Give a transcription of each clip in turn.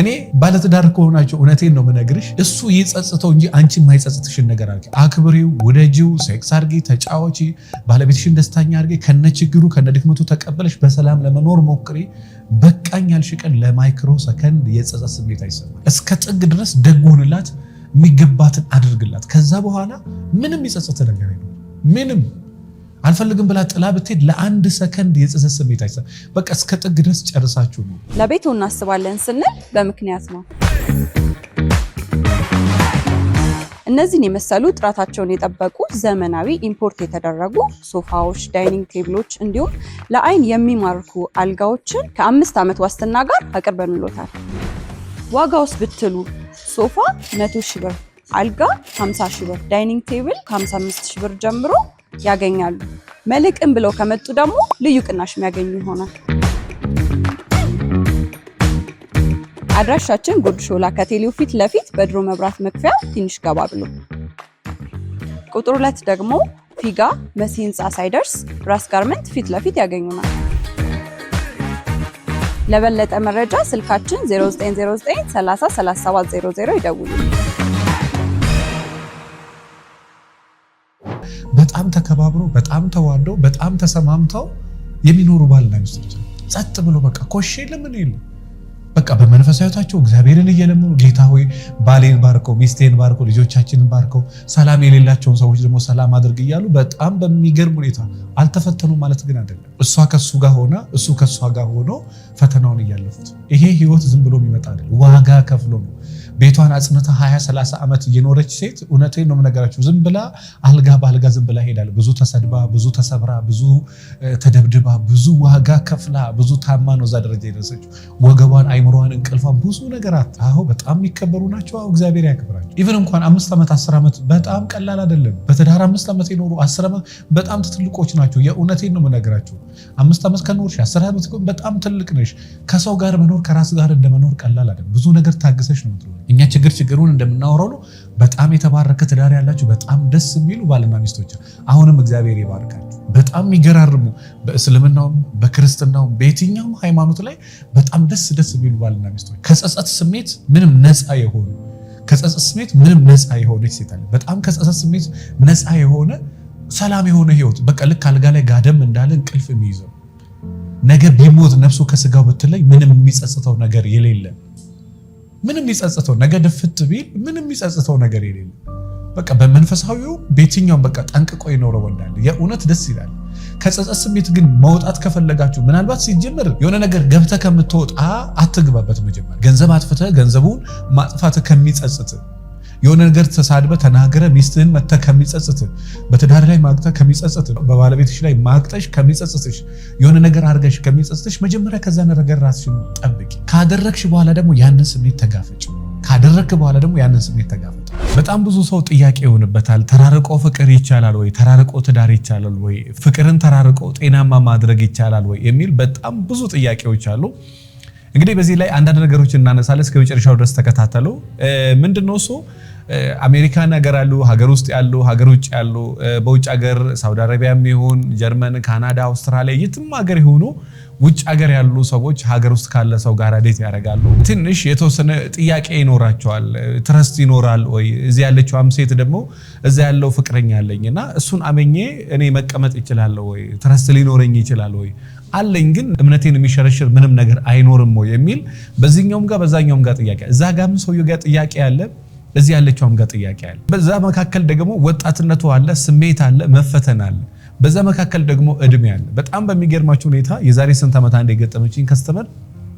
እኔ ባለትዳር ከሆናቸው እውነቴን ነው ምነግርሽ፣ እሱ ይጸጽተው እንጂ አንቺ የማይጸጽትሽን ነገር አድርጊ። አክብሪው፣ ውደጂው፣ ሴክስ አርጊ፣ ተጫዋቺ፣ ባለቤትሽን ደስታኛ አድርጊ። ከነ ችግሩ ከነ ድክመቱ ተቀበለሽ በሰላም ለመኖር ሞክሪ። በቃኝ ያልሽ ቀን ለማይክሮ ሰከንድ የጸጸት ስሜት አይሰማል። እስከ ጥግ ድረስ ደጎንላት፣ የሚገባትን አድርግላት። ከዛ በኋላ ምንም ይጸጽት ነገር ምንም አልፈልግም ብላ ጥላ ብትሄድ ለአንድ ሰከንድ የጽንሰት ስሜት አይሰ በቃ እስከ ጥግ ድረስ ጨርሳችሁ ነው። ለቤቱ እናስባለን ስንል በምክንያት ነው። እነዚህን የመሰሉ ጥራታቸውን የጠበቁ ዘመናዊ ኢምፖርት የተደረጉ ሶፋዎች፣ ዳይኒንግ ቴብሎች እንዲሁም ለአይን የሚማርኩ አልጋዎችን ከአምስት ዓመት ዋስትና ጋር አቅርበንሎታል። ዋጋ ውስጥ ብትሉ ሶፋ 100 ሺ ብር፣ አልጋ 50 ሺ ብር፣ ዳይኒንግ ቴብል ከ55 ሺ ብር ጀምሮ ያገኛሉ። መልሕቅን ብለው ከመጡ ደግሞ ልዩ ቅናሽ የሚያገኙ ይሆናል። አድራሻችን ጉርድ ሾላ ከቴሌው ፊት ለፊት በድሮ መብራት መክፈያ ትንሽ ገባ ብሎ፣ ቁጥር ሁለት ደግሞ ፊጋ መሲ ህንፃ ሳይደርስ ራስ ጋርመንት ፊት ለፊት ያገኙናል። ለበለጠ መረጃ ስልካችን 0909 30 00 ይደውሉ። በጣም ተከባብሮ በጣም ተዋደው በጣም ተሰማምተው የሚኖሩ ባልና ሚስቶች ጸጥ ብሎ በቃ ኮሼ ለምን የለ በቃ በመንፈሳዊ በመንፈሳዊታቸው እግዚአብሔርን እየለመኑ ጌታ ሆይ ባሌን ባርከው፣ ሚስቴን ባርከው፣ ልጆቻችንን ባርከው፣ ሰላም የሌላቸውን ሰዎች ደግሞ ሰላም አድርግ እያሉ በጣም በሚገርም ሁኔታ አልተፈተኑ ማለት ግን አይደለም። እሷ ከሱ ጋር ሆና እሱ ከእሷ ጋር ሆኖ ፈተናውን እያለፉት። ይሄ ህይወት ዝም ብሎ የሚመጣ አይደለም፣ ዋጋ ከፍሎ ነው። ቤቷን አጽንታ 20 30 ዓመት እየኖረች ሴት እውነቴን ነው የምነግራችሁ፣ ዝም ብላ አልጋ በአልጋ ዝም ብላ ይሄዳል። ብዙ ተሰድባ፣ ብዙ ተሰብራ፣ ብዙ ተደብድባ፣ ብዙ ዋጋ ከፍላ፣ ብዙ ታማ ነው እዛ ደረጃ የደረሰችው። ወገቧን፣ አይምሯን፣ እንቅልፏን፣ ብዙ ነገራት። አዎ በጣም የሚከበሩ ናቸው። አሁ እግዚአብሔር ያክብራቸው። ኢቨን እንኳን አምስት ዓመት አስር ዓመት በጣም ቀላል አይደለም። በትዳር አምስት ዓመት የኖሩ አስር ዓመት በጣም ትልቆች ናቸው። የእውነቴን ነው የምነግራችሁ። አምስት ዓመት ከኖርሽ አስር ዓመት በጣም ትልቅ ነሽ። ከሰው ጋር መኖር ከራስ ጋር እንደመኖር ቀላል አይደለም። ብዙ ነገር ታግሰሽ ነው እኛ ችግር ችግሩን እንደምናወራው በጣም የተባረከ ትዳር ያላችሁ በጣም ደስ የሚሉ ባልና ሚስቶች አሁንም እግዚአብሔር ይባርካችሁ። በጣም የሚገራርሙ በእስልምናውም በክርስትናውም በየትኛውም ሃይማኖት ላይ በጣም ደስ ደስ የሚሉ ባልና ሚስቶች ከጸጸት ስሜት ምንም ነፃ የሆኑ ከጸጸት ስሜት ምንም ነፃ የሆነች ሴት አለ። በጣም ከጸጸት ስሜት ነፃ የሆነ ሰላም የሆነ ህይወት በቃ ልክ አልጋ ላይ ጋደም እንዳለ እንቅልፍ የሚይዘው ነገ ቢሞት ነፍሱ ከስጋው ብትለይ ምንም የሚጸጽተው ነገር የሌለን ምንም የሚጸጽተው ነገ ድፍት ቢል ምንም የሚጸጽተው ነገር የሌለ በቃ በመንፈሳዊው ቤትኛውን በቃ ጠንቅቆ የኖረ ወንድ አለ። የእውነት ደስ ይላል። ከጸጸት ስሜት ግን መውጣት ከፈለጋችሁ ምናልባት ሲጀምር የሆነ ነገር ገብተህ ከምትወጣ አትግባበት። መጀመር ገንዘብ አጥፍተህ ገንዘቡን ማጥፋት ከሚጸጽት የሆነ ነገር ተሳድበ ተናገረ ሚስትህን መተ ከሚጸጽት በትዳር ላይ ማግጠ ከሚጸጽት በባለቤትሽ ላይ ማግጠሽ ከሚጸጽትሽ የሆነ ነገር አድርገሽ ከሚጸጽትሽ መጀመሪያ ከዛ ነገር ራስሽን ጠብቂ። ካደረግሽ በኋላ ደግሞ ያንን ስሜት ተጋፈጭ። ካደረግክ በኋላ ደግሞ ያንን ስሜት ተጋፈጭ። በጣም ብዙ ሰው ጥያቄ ይሆንበታል። ተራርቆ ፍቅር ይቻላል ወይ? ተራርቆ ትዳር ይቻላል ወይ? ፍቅርን ተራርቆ ጤናማ ማድረግ ይቻላል ወይ? የሚል በጣም ብዙ ጥያቄዎች አሉ። እንግዲህ በዚህ ላይ አንዳንድ ነገሮችን እናነሳለን። እስከ መጨረሻው ድረስ ተከታተሉ። ምንድነው እሱ አሜሪካን ሀገር አሉ፣ ሀገር ውስጥ ያሉ፣ ሀገር ውጭ ያሉ፣ በውጭ ሀገር ሳውዲ አረቢያም ይሁን ጀርመን፣ ካናዳ፣ አውስትራሊያ የትም ሀገር የሆኑ ውጭ ሀገር ያሉ ሰዎች ሀገር ውስጥ ካለ ሰው ጋር ዴት ያደርጋሉ። ትንሽ የተወሰነ ጥያቄ ይኖራቸዋል። ትረስት ይኖራል ወይ እዚ ያለችው ሴት ደግሞ እዛ ያለው ፍቅረኛ አለኝ እና እሱን አመኜ እኔ መቀመጥ ይችላለሁ ወይ? ትረስት ሊኖረኝ ይችላል ወይ? አለኝ ግን እምነቴን የሚሸረሽር ምንም ነገር አይኖርም ወይ የሚል በዚህኛውም ጋር በዛኛውም ጋር ጥያቄ አለ። እዛ ጋም ሰውዬው ጋር ጥያቄ አለ። እዚህ ያለችውም ጋር ጥያቄ አለ። በዛ መካከል ደግሞ ወጣትነቱ አለ፣ ስሜት አለ፣ መፈተን አለ። በዛ መካከል ደግሞ እድሜ አለ። በጣም በሚገርማቸው ሁኔታ የዛሬ ስንት ዓመት አንድ የገጠመችኝ ከስተመር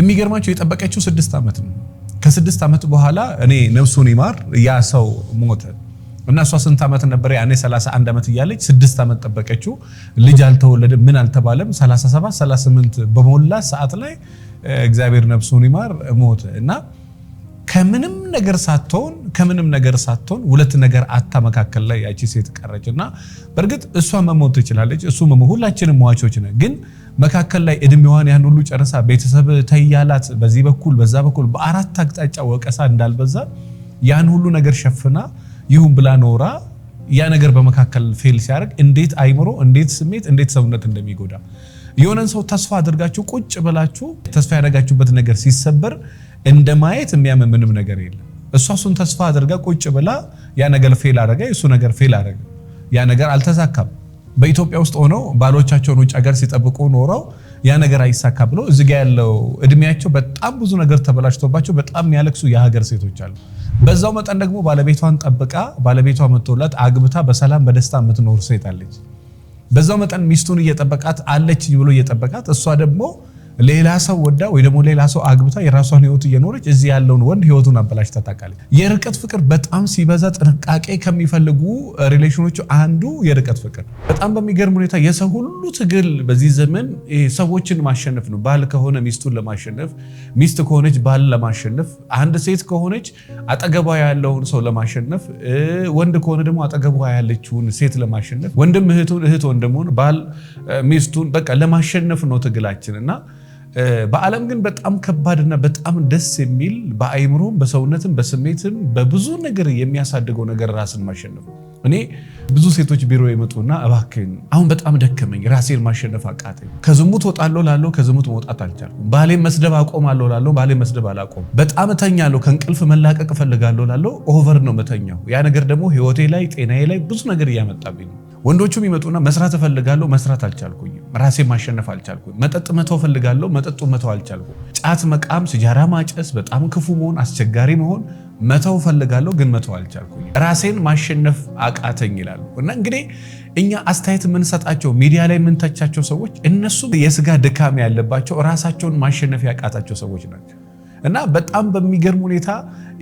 የሚገርማቸው የጠበቀችው ስድስት ዓመት ነው። ከስድስት ዓመት በኋላ እኔ ነፍሱን ይማር ያ ሰው ሞተ። እና እሷ ስንት ዓመት ነበር ያኔ? 31 ዓመት እያለች ስድስት ዓመት ጠበቀችው። ልጅ አልተወለደም፣ ምን አልተባለም። 37 38 በሞላ ሰዓት ላይ እግዚአብሔር ነፍሱን ይማር ሞተ እና ከምንም ነገር ሳትሆን ከምንም ነገር ሳትሆን ሁለት ነገር አታ መካከል ላይ ያቺ ሴት ቀረች እና በእርግጥ እሷ መሞት ትችላለች፣ እሱ መሞት ሁላችንም ሟቾች ነን። ግን መካከል ላይ እድሜዋን ያን ሁሉ ጨርሳ ቤተሰብ ተያላት፣ በዚህ በኩል በዛ በኩል በአራት አቅጣጫ ወቀሳ እንዳልበዛ ያን ሁሉ ነገር ሸፍና ይሁን ብላ ኖራ ያ ነገር በመካከል ፌል ሲያደርግ እንዴት አይምሮ፣ እንዴት ስሜት፣ እንዴት ሰውነት እንደሚጎዳ የሆነን ሰው ተስፋ አድርጋችሁ ቁጭ ብላችሁ ተስፋ ያደርጋችሁበት ነገር ሲሰበር እንደ ማየት የሚያምን ምንም ነገር የለም። እሷ እሱን ተስፋ አድርጋ ቁጭ ብላ ያ ነገር ፌል አደረገ፣ እሱ ነገር ፌል አደረገ፣ ያ ነገር አልተሳካም። በኢትዮጵያ ውስጥ ሆነው ባሎቻቸውን ውጭ ሀገር ሲጠብቁ ኖረው ያ ነገር አይሳካ ብሎ እዚ ጋ ያለው እድሜያቸው በጣም ብዙ ነገር ተበላሽቶባቸው በጣም የሚያለቅሱ የሀገር ሴቶች አሉ። በዛው መጠን ደግሞ ባለቤቷን ጠብቃ ባለቤቷ መቶላት አግብታ በሰላም በደስታ የምትኖር ሴት አለች። በዛው መጠን ሚስቱን እየጠበቃት አለች ብሎ እየጠበቃት እሷ ደግሞ ሌላ ሰው ወዳ ወይ ደግሞ ሌላ ሰው አግብታ የራሷን ህይወት እየኖረች እዚህ ያለውን ወንድ ህይወቱን አበላሽ ታጣቃለች። የርቀት ፍቅር በጣም ሲበዛ ጥንቃቄ ከሚፈልጉ ሪሌሽኖቹ አንዱ የርቀት ፍቅር። በጣም በሚገርም ሁኔታ የሰው ሁሉ ትግል በዚህ ዘመን ሰዎችን ማሸነፍ ነው። ባል ከሆነ ሚስቱን ለማሸነፍ፣ ሚስት ከሆነች ባል ለማሸነፍ፣ አንድ ሴት ከሆነች አጠገቧ ያለውን ሰው ለማሸነፍ፣ ወንድ ከሆነ ደግሞ አጠገቧ ያለችውን ሴት ለማሸነፍ፣ ወንድም እህቱን፣ እህት ወንድሙን፣ ባል ሚስቱን በቃ ለማሸነፍ ነው ትግላችን እና በዓለም ግን በጣም ከባድና በጣም ደስ የሚል በአይምሮም በሰውነትም በስሜትም በብዙ ነገር የሚያሳድገው ነገር ራስን ማሸነፍ። እኔ ብዙ ሴቶች ቢሮ የመጡና እባክን አሁን በጣም ደከመኝ፣ ራሴን ማሸነፍ አቃተኝ፣ ከዝሙት ወጣለሁ ላለው ከዝሙት መውጣት አልቻልኩም፣ ባሌ መስደብ አቆማለሁ ላለው ባሌ መስደብ አላቆም፣ በጣም እተኛለሁ፣ ከእንቅልፍ መላቀቅ እፈልጋለሁ ላለው ኦቨር ነው መተኛው። ያ ነገር ደግሞ ህይወቴ ላይ ጤናዬ ላይ ብዙ ነገር እያመጣብኝ ነው። ወንዶቹም ይመጡና መስራት እፈልጋለሁ፣ መስራት አልቻልኩኝ፣ ራሴን ማሸነፍ አልቻልኩኝ፣ መጠጥ መተው እፈልጋለሁ መጠጡ መተው አልቻልኩ። ጫት መቃም፣ ሲጃራ ማጨስ፣ በጣም ክፉ መሆን፣ አስቸጋሪ መሆን መተው ፈልጋለሁ፣ ግን መተው አልቻልኩ። ራሴን ማሸነፍ አቃተኝ ይላሉ። እና እንግዲህ እኛ አስተያየት የምንሰጣቸው ሚዲያ ላይ የምንተቻቸው ሰዎች እነሱ የስጋ ድካም ያለባቸው ራሳቸውን ማሸነፍ ያቃታቸው ሰዎች ናቸው። እና በጣም በሚገርም ሁኔታ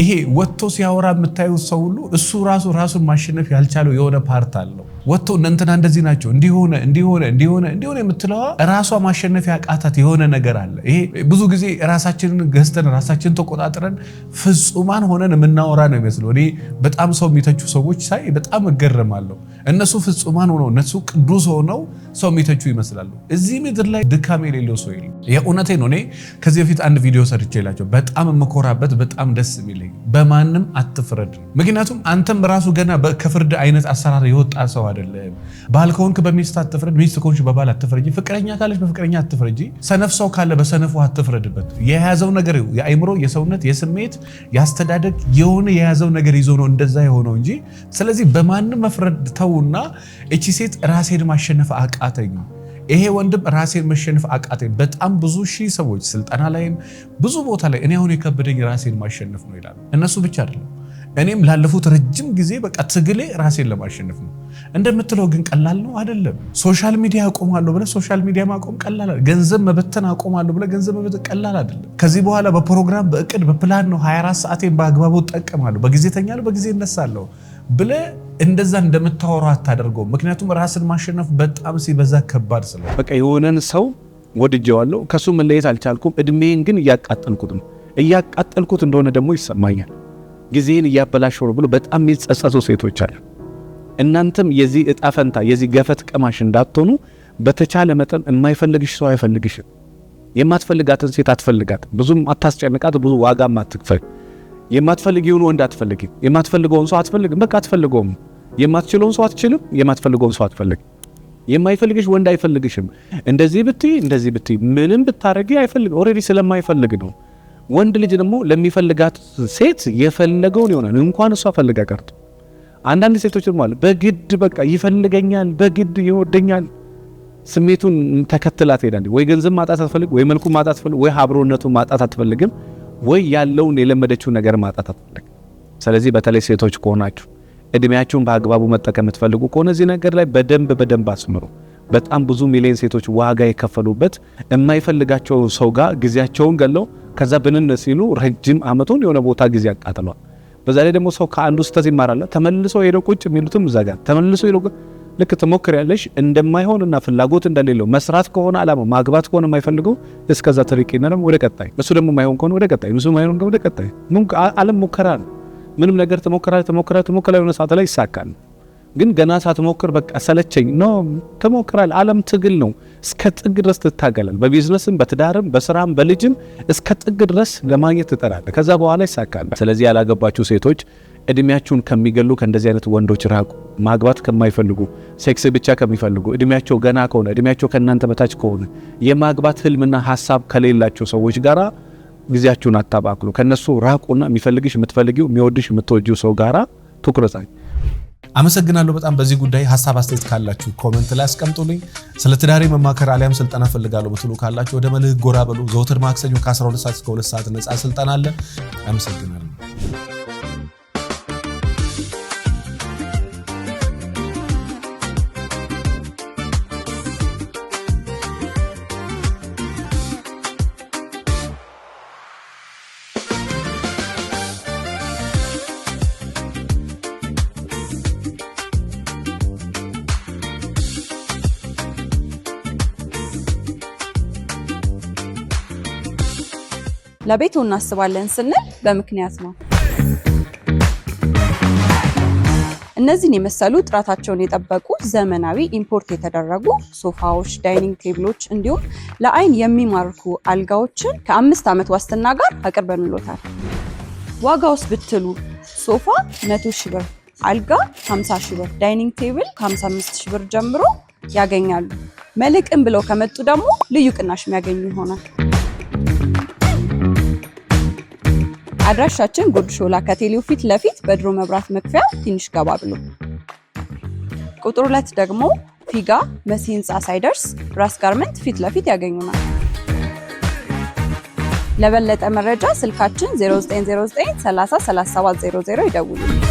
ይሄ ወጥቶ ሲያወራ የምታዩት ሰው ሁሉ እሱ ራሱ ራሱን ማሸነፍ ያልቻለው የሆነ ፓርት አለው። ወጥቶ እነንትና እንደዚህ ናቸው እንዲሆነ እንዲሆነ እንዲሆነ እንዲሆነ የምትለዋ ራሷ ማሸነፍ ያቃታት የሆነ ነገር አለ። ይሄ ብዙ ጊዜ ራሳችንን ገዝተን ራሳችንን ተቆጣጥረን ፍጹማን ሆነን የምናወራ ነው ይመስል። እኔ በጣም ሰው የሚተቹ ሰዎች ሳይ በጣም እገረማለሁ። እነሱ ፍጹማን ሆነው እነሱ ቅዱስ ሆነው ሰው የሚተቹ ይመስላሉ። እዚህ ምድር ላይ ድካም የሌለው ሰው የለም። የእውነቴ ነው። እኔ ከዚህ በፊት አንድ ቪዲዮ ሰርቼላቸው በጣም የምኮራበት በጣም ደስ የሚል አይለይ፣ በማንም አትፍረድ። ምክንያቱም አንተም ራሱ ገና ከፍርድ አይነት አሰራር የወጣ ሰው አይደለም። ባል ከሆንክ በሚስት አትፍረድ፣ ሚስት ከሆንሽ በባል አትፍረጂ፣ ፍቅረኛ ካለች በፍቅረኛ አትፍረጂ፣ ሰነፍ ሰው ካለ በሰነፉ አትፍረድበት። የያዘው ነገር የአይምሮ የሰውነት፣ የስሜት፣ ያስተዳደግ የሆነ የያዘው ነገር ይዞ ነው እንደዛ የሆነው እንጂ ስለዚህ በማንም መፍረድ ተውና፣ እቺ ሴት ራሴን ማሸነፍ አቃተኝ ይሄ ወንድም ራሴን መሸነፍ አቃተኝ። በጣም ብዙ ሺህ ሰዎች ስልጠና ላይም ብዙ ቦታ ላይ እኔ አሁን የከበደኝ ራሴን ማሸነፍ ነው ይላሉ። እነሱ ብቻ አይደለም እኔም ላለፉት ረጅም ጊዜ በቃ ትግሌ ራሴን ለማሸነፍ ነው። እንደምትለው ግን ቀላል ነው አይደለም። ሶሻል ሚዲያ አቆማለሁ ብለህ ሶሻል ሚዲያ ማቆም ቀላል፣ ገንዘብ መበተን አቆማለሁ ብለህ ገንዘብ መበተን ቀላል አይደለም። ከዚህ በኋላ በፕሮግራም በእቅድ በፕላን ነው 24 ሰዓቴን በአግባቡ እጠቀማለሁ፣ በጊዜ ተኛለሁ፣ በጊዜ እነሳለሁ ብለህ እንደዛ እንደምታወራ አታደርገው። ምክንያቱም ራስን ማሸነፍ በጣም ሲበዛ ከባድ ስለ በቃ የሆነን ሰው ወድጀዋለሁ፣ ከሱ መለየት አልቻልኩም። እድሜን ግን እያቃጠልኩት ነው። እያቃጠልኩት እንደሆነ ደግሞ ይሰማኛል። ጊዜን እያበላሸው ነው ብሎ በጣም የሚጸጸሱ ሴቶች አሉ። እናንተም የዚህ እጣ ፈንታ የዚህ ገፈት ቀማሽ እንዳትሆኑ በተቻለ መጠን የማይፈልግሽ ሰው አይፈልግሽም። የማትፈልጋትን ሴት አትፈልጋት፣ ብዙም አታስጨንቃት፣ ብዙ ዋጋም አትክፈል። የማትፈልጊውን ወንድ አትፈልግ የማትፈልገውን ሰው አትፈልግም። በቃ አትፈልገውም። የማትችለውን ሰው አትችልም። የማትፈልገውን ሰው አትፈልግ የማይፈልግሽ ወንድ አይፈልግሽም። እንደዚህ ብትይ እንደዚህ ብትይ ምንም ብታረጊ አይፈልግ ኦልሬዲ ስለማይፈልግ ነው። ወንድ ልጅ ደግሞ ለሚፈልጋት ሴት የፈለገውን ይሆናል። እንኳን እሷ ፈልጋ ቀርቶ አንዳንድ ሴቶች ደግሞ አለ በግድ በቃ ይፈልገኛል፣ በግድ ይወደኛል። ስሜቱን ተከትላ ትሄዳለች። ወይ ገንዘብ ማጣት አትፈልግ፣ ወይ መልኩ ማጣት አትፈልግ፣ ወይ ሀብሮነቱ ማጣት አትፈልግም። ወይ ያለውን የለመደችውን ነገር ማጣት አትፈልግ። ስለዚህ በተለይ ሴቶች ከሆናችሁ እድሜያችሁን በአግባቡ መጠቀም የምትፈልጉ ከሆነ እዚህ ነገር ላይ በደንብ በደንብ አስምሩ። በጣም ብዙ ሚሊዮን ሴቶች ዋጋ የከፈሉበት የማይፈልጋቸው ሰው ጋር ጊዜያቸውን ገለው ከዛ ብንን ሲሉ ረጅም አመቱን የሆነ ቦታ ጊዜ አቃጥሏል። በዛ ላይ ደግሞ ሰው ከአንዱ ስህተት ይማራል። ተመልሶ ሄደው ቁጭ የሚሉትም ዘጋ ተመልሶ ሄደው ልክ ትሞክር ትሞክሪያለሽ እንደማይሆንና ፍላጎት እንደሌለው መስራት ከሆነ አላማ ማግባት ከሆነ የማይፈልገው እስከዛ ትርቂና ደግሞ ወደ ቀጣይ እሱ ደግሞ ማይሆን ከሆነ ወደ ቀጣይ እሱ ማይሆን ከሆነ ወደ ቀጣይ አለም ሙከራ ነው። ምንም ነገር ትሞክራለህ ትሞክራለህ ትሞክራለህ የሆነ ሰዓት ላይ ይሳካል። ግን ገና ሳትሞክር በቃ ሰለቸኝ ኖ ትሞክራለህ። ዓለም ትግል ነው። እስከ ጥግ ድረስ ትታገላል። በቢዝነስም፣ በትዳርም፣ በስራም፣ በልጅም እስከ ጥግ ድረስ ለማግኘት ትጠራለህ። ከዛ በኋላ ይሳካል። ስለዚህ ያላገባችሁ ሴቶች እድሜያቸውን ከሚገሉ ከእንደዚህ አይነት ወንዶች ራቁ። ማግባት ከማይፈልጉ ሴክስ ብቻ ከሚፈልጉ እድሜያቸው ገና ከሆነ እድሜያቸው ከእናንተ በታች ከሆነ የማግባት ህልምና ሀሳብ ከሌላቸው ሰዎች ጋራ ጊዜያችሁን አታባክሉ። ከእነሱ ራቁና የሚፈልግሽ የምትፈልጊው የሚወድሽ የምትወጂው ሰው ጋራ ትኩረት አመሰግናለሁ በጣም በዚህ ጉዳይ ሀሳብ አስተያየት ካላችሁ ኮመንት ላይ አስቀምጡልኝ። ስለ ትዳሬ መማከር አሊያም ስልጠና ፈልጋለሁ ብትሉ ካላችሁ ወደ መልህ ጎራ በሉ። ዘውትር ማክሰኞ ከ12 ሰዓት እስከ 2 ሰዓት ነፃ ስልጠና አለ። አመሰግናለሁ። ለቤቱ እናስባለን ስንል በምክንያት ነው። እነዚህን የመሰሉ ጥራታቸውን የጠበቁ ዘመናዊ ኢምፖርት የተደረጉ ሶፋዎች፣ ዳይኒንግ ቴብሎች እንዲሁም ለአይን የሚማርኩ አልጋዎችን ከአምስት ዓመት ዋስትና ጋር አቅርበንሎታል። ውስጥ ብትሉ ሶፋ 100 ሺህ ብር፣ አልጋ 50 ሺህ ብር፣ ዳይኒንግ ቴብል ከ55 ብር ጀምሮ ያገኛሉ። መልሕቅን ብለው ከመጡ ደግሞ ልዩ ቅናሽ የሚያገኙ ይሆናል። አድራሻችን ጉርድ ሾላ ከቴሌው ፊት ለፊት በድሮ መብራት መክፈያ ትንሽ ገባ ብሎ፣ ቁጥር ሁለት ደግሞ ፊጋ መሲ ህንፃ ሳይደርስ ራስ ጋርመንት ፊት ለፊት ያገኙናል። ለበለጠ መረጃ ስልካችን 0909 30 00 ይደውሉ።